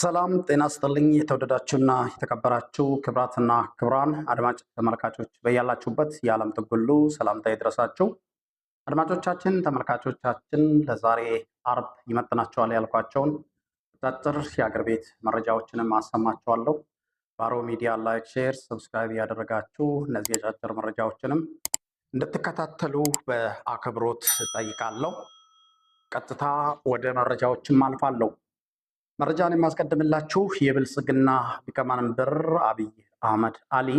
ሰላም ጤና ስጥልኝ። የተወደዳችሁና የተከበራችሁ ክብራትና ክብራን አድማጭ ተመልካቾች በያላችሁበት የዓለም ጥግ ሰላምታ ይድረሳችሁ። አድማጮቻችን፣ ተመልካቾቻችን ለዛሬ አርብ ይመጥናቸዋል ያልኳቸውን አጫጭር የአገር ቤት መረጃዎችንም አሰማችኋለሁ። ባሮ ሚዲያ ላይክ፣ ሼር፣ ሰብስክራይብ ያደረጋችሁ እነዚህ የአጫጭር መረጃዎችንም እንድትከታተሉ በአክብሮት ጠይቃለሁ። ቀጥታ ወደ መረጃዎችም አልፋለሁ። መረጃን የማስቀድምላችሁ የብልጽግና ሊቀመንበር አብይ አህመድ አሊ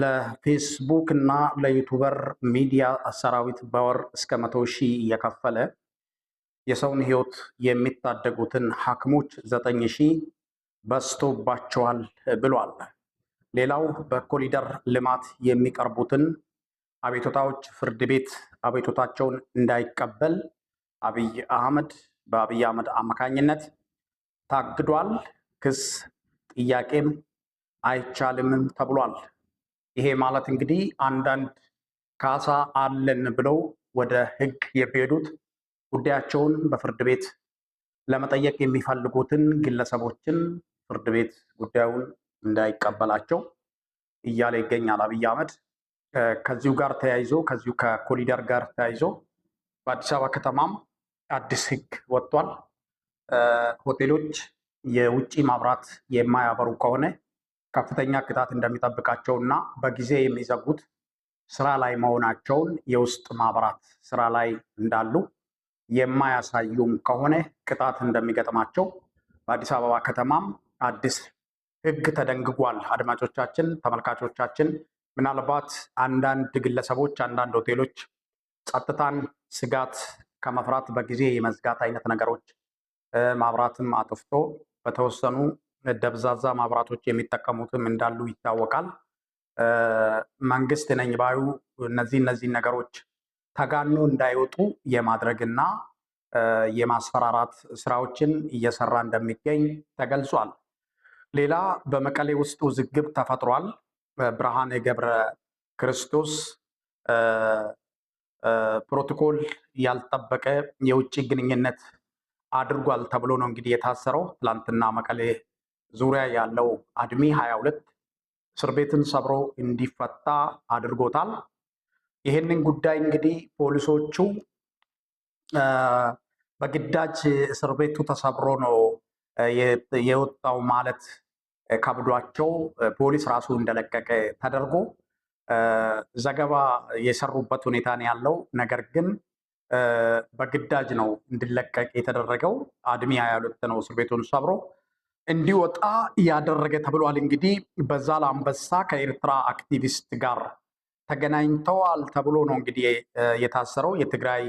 ለፌስቡክ እና ለዩቱበር ሚዲያ ሰራዊት በወር እስከ መቶ ሺህ እየከፈለ የሰውን ህይወት የሚታደጉትን ሐኪሞች ዘጠኝ ሺህ በዝቶባቸዋል ብሏል። ሌላው በኮሪደር ልማት የሚቀርቡትን አቤቱታዎች ፍርድ ቤት አቤቱታቸውን እንዳይቀበል አብይ አህመድ በአብይ አህመድ አማካኝነት ታግዷል። ክስ ጥያቄም አይቻልምም ተብሏል። ይሄ ማለት እንግዲህ አንዳንድ ካሳ አለን ብለው ወደ ህግ የሄዱት ጉዳያቸውን በፍርድ ቤት ለመጠየቅ የሚፈልጉትን ግለሰቦችን ፍርድ ቤት ጉዳዩን እንዳይቀበላቸው እያለ ይገኛል አብይ አህመድ። ከዚሁ ጋር ተያይዞ ከዚሁ ከኮሊደር ጋር ተያይዞ በአዲስ አበባ ከተማም አዲስ ህግ ወጥቷል። ሆቴሎች የውጭ ማብራት የማያበሩ ከሆነ ከፍተኛ ቅጣት እንደሚጠብቃቸው እና በጊዜ የሚዘጉት ስራ ላይ መሆናቸውን የውስጥ ማብራት ስራ ላይ እንዳሉ የማያሳዩም ከሆነ ቅጣት እንደሚገጥማቸው በአዲስ አበባ ከተማም አዲስ ሕግ ተደንግጓል። አድማጮቻችን፣ ተመልካቾቻችን ምናልባት አንዳንድ ግለሰቦች አንዳንድ ሆቴሎች ጸጥታን ስጋት ከመፍራት በጊዜ የመዝጋት አይነት ነገሮች ማብራትም አጥፍቶ በተወሰኑ ደብዛዛ ማብራቶች የሚጠቀሙትም እንዳሉ ይታወቃል። መንግስት ነኝ ባዩ እነዚህ እነዚህ ነገሮች ተጋኖ እንዳይወጡ የማድረግና የማስፈራራት ስራዎችን እየሰራ እንደሚገኝ ተገልጿል። ሌላ በመቀሌ ውስጥ ውዝግብ ተፈጥሯል። ብርሃን ገብረ ክርስቶስ ፕሮቶኮል ያልጠበቀ የውጭ ግንኙነት አድርጓል ተብሎ ነው እንግዲህ የታሰረው። ትላንትና መቀሌ ዙሪያ ያለው አድሚ 22 እስር ቤትን ሰብሮ እንዲፈታ አድርጎታል። ይህንን ጉዳይ እንግዲህ ፖሊሶቹ በግዳጅ እስር ቤቱ ተሰብሮ ነው የወጣው ማለት ከብዷቸው ፖሊስ ራሱ እንደለቀቀ ተደርጎ ዘገባ የሰሩበት ሁኔታ ነው ያለው ነገር ግን በግዳጅ ነው እንዲለቀቅ የተደረገው። አድሚያ ያሉት ነው እስር ቤቱን ሰብሮ እንዲወጣ ያደረገ ተብሏል። እንግዲህ በዛ አንበሳ ከኤርትራ አክቲቪስት ጋር ተገናኝተዋል ተብሎ ነው እንግዲህ የታሰረው። የትግራይ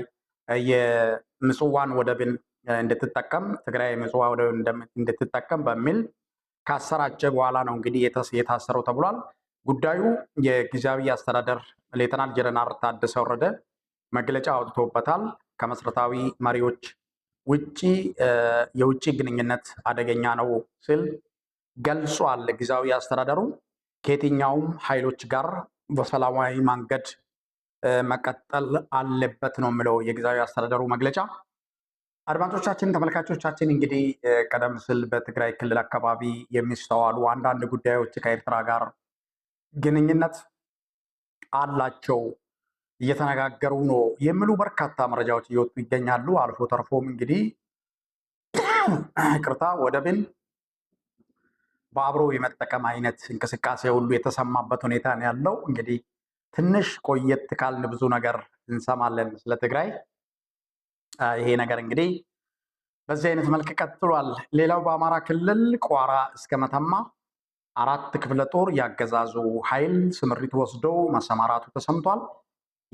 የምጽዋን ወደብን እንድትጠቀም ትግራይ የምጽዋ ወደብን እንድትጠቀም በሚል ካሰራጨ በኋላ ነው እንግዲህ የታሰረው ተብሏል። ጉዳዩ የጊዜያዊ አስተዳደር ሌተናል ጀነራል ታደሰ ወረደ መግለጫ አውጥቶበታል። ከመሰረታዊ መሪዎች ውጭ የውጭ ግንኙነት አደገኛ ነው ሲል ገልጿል። ጊዜያዊ አስተዳደሩ ከየትኛውም ኃይሎች ጋር በሰላማዊ መንገድ መቀጠል አለበት ነው የሚለው የጊዜያዊ አስተዳደሩ መግለጫ። አድማጮቻችን፣ ተመልካቾቻችን እንግዲህ ቀደም ሲል በትግራይ ክልል አካባቢ የሚስተዋሉ አንዳንድ ጉዳዮች ከኤርትራ ጋር ግንኙነት አላቸው እየተነጋገሩ ነው የሚሉ በርካታ መረጃዎች እየወጡ ይገኛሉ። አልፎ ተርፎም እንግዲህ ቅርታ ወደብን በአብሮ የመጠቀም አይነት እንቅስቃሴ ሁሉ የተሰማበት ሁኔታ ነው ያለው። እንግዲህ ትንሽ ቆየት ካልን ብዙ ነገር እንሰማለን ስለ ትግራይ። ይሄ ነገር እንግዲህ በዚህ አይነት መልክ ቀጥሏል። ሌላው በአማራ ክልል ቋራ እስከ መተማ አራት ክፍለ ጦር ያገዛዙ ኃይል ስምሪት ወስዶ መሰማራቱ ተሰምቷል።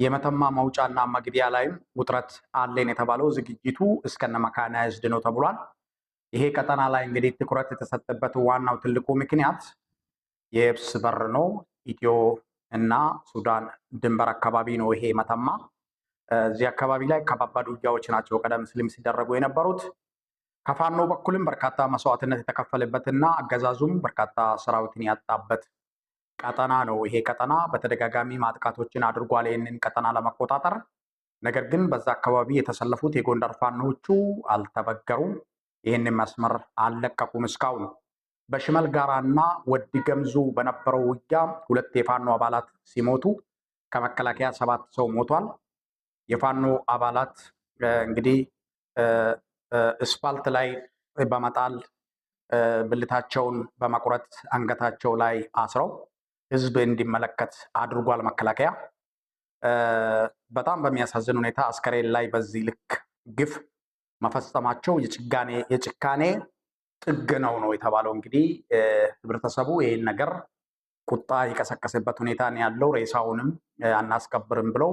የመተማ መውጫና መግቢያ ላይም ውጥረት አለን የተባለው ዝግጅቱ እስከነ መካናይዝድ ነው ተብሏል። ይሄ ቀጠና ላይ እንግዲህ ትኩረት የተሰጠበት ዋናው ትልቁ ምክንያት የብስ በር ነው። ኢትዮ እና ሱዳን ድንበር አካባቢ ነው ይሄ መተማ። እዚህ አካባቢ ላይ ከባባድ ውጊያዎች ናቸው ቀደም ሲልም ሲደረጉ የነበሩት። ከፋኖ በኩልም በርካታ መስዋዕትነት የተከፈለበትና አገዛዙም በርካታ ሰራዊትን ያጣበት ቀጠና ነው። ይሄ ቀጠና በተደጋጋሚ ማጥቃቶችን አድርጓል። ይህንን ቀጠና ለመቆጣጠር ነገር ግን በዛ አካባቢ የተሰለፉት የጎንደር ፋኖቹ አልተበገሩም። ይህንን መስመር አልለቀቁም። እስካሁን በሽመል ጋራና ወዲ ገምዙ በነበረው ውጊያ ሁለት የፋኖ አባላት ሲሞቱ ከመከላከያ ሰባት ሰው ሞቷል። የፋኖ አባላት እንግዲህ እስፋልት ላይ በመጣል ብልታቸውን በመቁረጥ አንገታቸው ላይ አስረው ህዝብ እንዲመለከት አድርጓል። መከላከያ በጣም በሚያሳዝን ሁኔታ አስከሬን ላይ በዚህ ልክ ግፍ መፈጸማቸው የጭካኔ ጥግ ነው ነው የተባለው። እንግዲህ ህብረተሰቡ ይህን ነገር ቁጣ የቀሰቀሰበት ሁኔታ ያለው። ሬሳውንም አናስቀብርም ብለው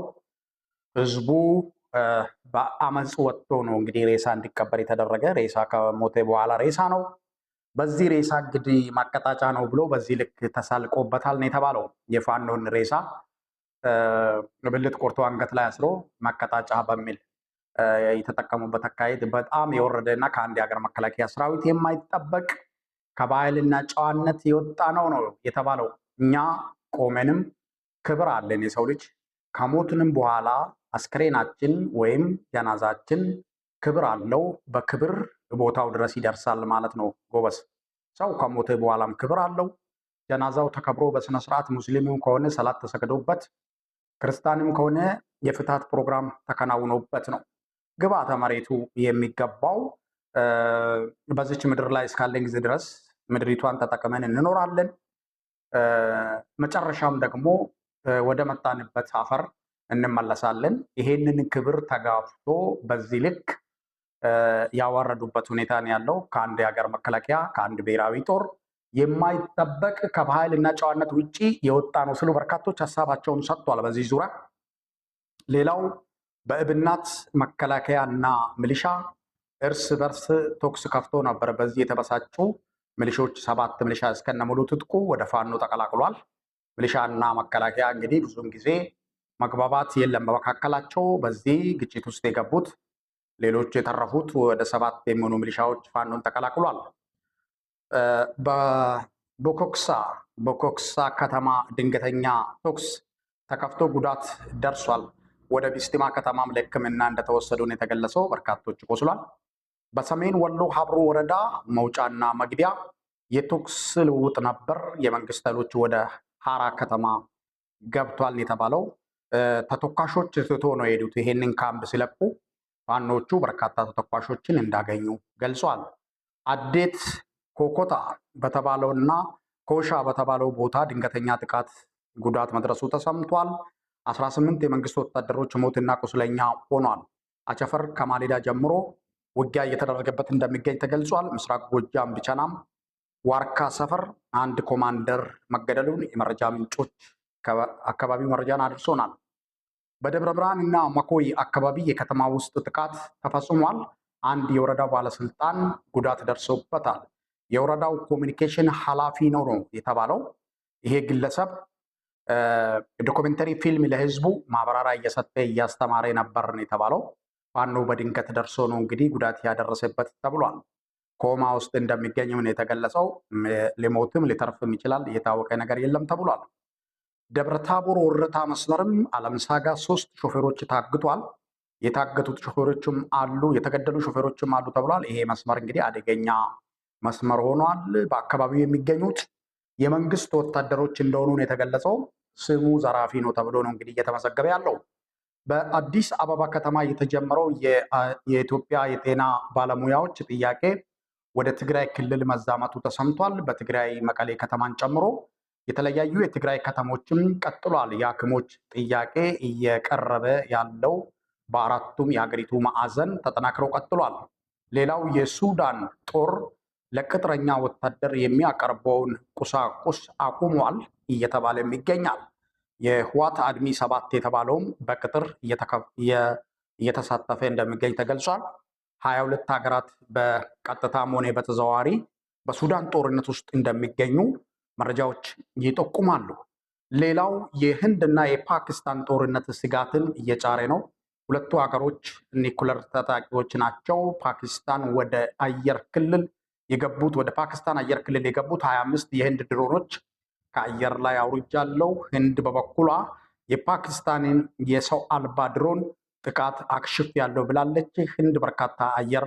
ህዝቡ በአመፅ ወጥቶ ነው እንግዲህ ሬሳ እንዲቀበር የተደረገ። ሬሳ ከሞተ በኋላ ሬሳ ነው። በዚህ ሬሳ እንግዲህ ማቀጣጫ ነው ብሎ በዚህ ልክ ተሳልቆበታል ነው የተባለው። የፋኖን ሬሳ ብልት ቆርቶ አንገት ላይ አስሮ ማቀጣጫ በሚል የተጠቀሙበት አካሄድ በጣም የወረደ እና ከአንድ የሀገር መከላከያ ሰራዊት የማይጠበቅ ከባህልና ጨዋነት የወጣ ነው ነው የተባለው። እኛ ቆመንም ክብር አለን። የሰው ልጅ ከሞትንም በኋላ አስክሬናችን ወይም ጀናዛችን ክብር አለው። በክብር ቦታው ድረስ ይደርሳል ማለት ነው። ጎበስ ሰው ከሞተ በኋላም ክብር አለው። ጀናዛው ተከብሮ በስነ ስርዓት ሙስሊምም ከሆነ ሰላት ተሰግዶበት፣ ክርስቲያንም ከሆነ የፍታት ፕሮግራም ተከናውኖበት ነው ግብዓተ መሬቱ የሚገባው። በዚች ምድር ላይ እስካለን ጊዜ ድረስ ምድሪቷን ተጠቅመን እንኖራለን። መጨረሻም ደግሞ ወደ መጣንበት አፈር እንመለሳለን። ይሄንን ክብር ተጋፍቶ በዚህ ልክ ያዋረዱበት ሁኔታ ነው ያለው። ከአንድ የሀገር መከላከያ ከአንድ ብሔራዊ ጦር የማይጠበቅ ከባህል እና ጨዋነት ውጪ የወጣ ነው ስሉ በርካቶች ሀሳባቸውን ሰጥቷል። በዚህ ዙሪያ ሌላው በእብናት መከላከያ እና ሚሊሻ እርስ በርስ ቶክስ ከፍቶ ነበር። በዚህ የተበሳጩ ሚሊሾች ሰባት ሚሊሻ እስከነሙሉ ትጥቁ ወደ ፋኖ ተቀላቅሏል። ሚሊሻ እና መከላከያ እንግዲህ ብዙም ጊዜ መግባባት የለም በመካከላቸው። በዚህ ግጭት ውስጥ የገቡት ሌሎች የተረፉት ወደ ሰባት የሚሆኑ ሚሊሻዎች ፋኖን ተቀላቅሏል። በቦኮክሳ ቦኮክሳ ከተማ ድንገተኛ ተኩስ ተከፍቶ ጉዳት ደርሷል። ወደ ቢስቲማ ከተማም ለሕክምና እንደተወሰዱን የተገለጸው። በርካቶች ቆስሏል። በሰሜን ወሎ ሀብሮ ወረዳ መውጫና መግቢያ የተኩስ ልውውጥ ነበር። የመንግስት ኃይሎች ወደ ሀራ ከተማ ገብቷል የተባለው ተተኳሾች ትቶ ነው የሄዱት። ይሄንን ካምፕ ሲለቁ ፋኖቹ በርካታ ተተኳሾችን እንዳገኙ ገልጿል። አዴት ኮኮታ በተባለውና ኮሻ በተባለው ቦታ ድንገተኛ ጥቃት ጉዳት መድረሱ ተሰምቷል። 18 የመንግስት ወታደሮች ሞትና ቁስለኛ ሆኗል። አቸፈር ከማሌዳ ጀምሮ ውጊያ እየተደረገበት እንደሚገኝ ተገልጿል። ምስራቅ ጎጃም ብቸናም ዋርካ ሰፈር አንድ ኮማንደር መገደሉን የመረጃ ምንጮች አካባቢው መረጃን አድርሶናል። በደብረ ብርሃን እና መኮይ አካባቢ የከተማ ውስጥ ጥቃት ተፈጽሟል። አንድ የወረዳ ባለስልጣን ጉዳት ደርሶበታል። የወረዳው ኮሚኒኬሽን ኃላፊ ነው የተባለው። ይሄ ግለሰብ ዶክመንተሪ ፊልም ለህዝቡ ማብራሪያ እየሰጠ እያስተማረ ነበር ነው የተባለው። ፋኖ በድንገት ደርሶ ነው እንግዲህ ጉዳት ያደረሰበት ተብሏል። ኮማ ውስጥ እንደሚገኝም ነው የተገለጸው። ሊሞትም ሊተርፍም ይችላል። የታወቀ ነገር የለም ተብሏል። ደብረታቦር ወረታ መስመርም አለምሳጋ ሶስት ሾፌሮች ታግቷል። የታገቱት ሾፌሮችም አሉ፣ የተገደሉ ሾፌሮችም አሉ ተብሏል። ይሄ መስመር እንግዲህ አደገኛ መስመር ሆኗል። በአካባቢው የሚገኙት የመንግስት ወታደሮች እንደሆኑ ነው የተገለጸው። ስሙ ዘራፊ ነው ተብሎ ነው እንግዲህ እየተመዘገበ ያለው። በአዲስ አበባ ከተማ የተጀመረው የኢትዮጵያ የጤና ባለሙያዎች ጥያቄ ወደ ትግራይ ክልል መዛመቱ ተሰምቷል። በትግራይ መቀሌ ከተማን ጨምሮ የተለያዩ የትግራይ ከተሞችም ቀጥሏል። የሐኪሞች ጥያቄ እየቀረበ ያለው በአራቱም የሀገሪቱ ማዕዘን ተጠናክሮ ቀጥሏል። ሌላው የሱዳን ጦር ለቅጥረኛ ወታደር የሚያቀርበውን ቁሳቁስ አቁሟል እየተባለም ይገኛል። የህዋት አድሚ ሰባት የተባለውም በቅጥር እየተሳተፈ እንደሚገኝ ተገልጿል። ሀያ ሁለት ሀገራት በቀጥታም ሆነ በተዘዋዋሪ በሱዳን ጦርነት ውስጥ እንደሚገኙ መረጃዎች ይጠቁማሉ። ሌላው የህንድና የፓኪስታን ጦርነት ስጋትን እየጫረ ነው። ሁለቱ ሀገሮች ኒኩለር ታጣቂዎች ናቸው። ፓኪስታን ወደ አየር ክልል የገቡት ወደ ፓኪስታን አየር ክልል የገቡት 2አምስት የህንድ ድሮኖች ከአየር ላይ አውርጃለሁ። ህንድ በበኩሏ የፓኪስታንን የሰው አልባ ድሮን ጥቃት አክሽፍ ያለው ብላለች። ህንድ በርካታ አየር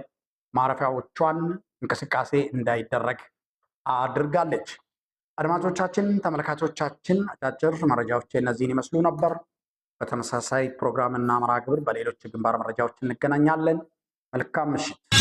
ማረፊያዎቿን እንቅስቃሴ እንዳይደረግ አድርጋለች። አድማጮቻችን፣ ተመልካቾቻችን አጫጭር መረጃዎች እነዚህን ይመስሉ ነበር። በተመሳሳይ ፕሮግራም እና መርሃ ግብር በሌሎች የግንባር መረጃዎች እንገናኛለን። መልካም ምሽት።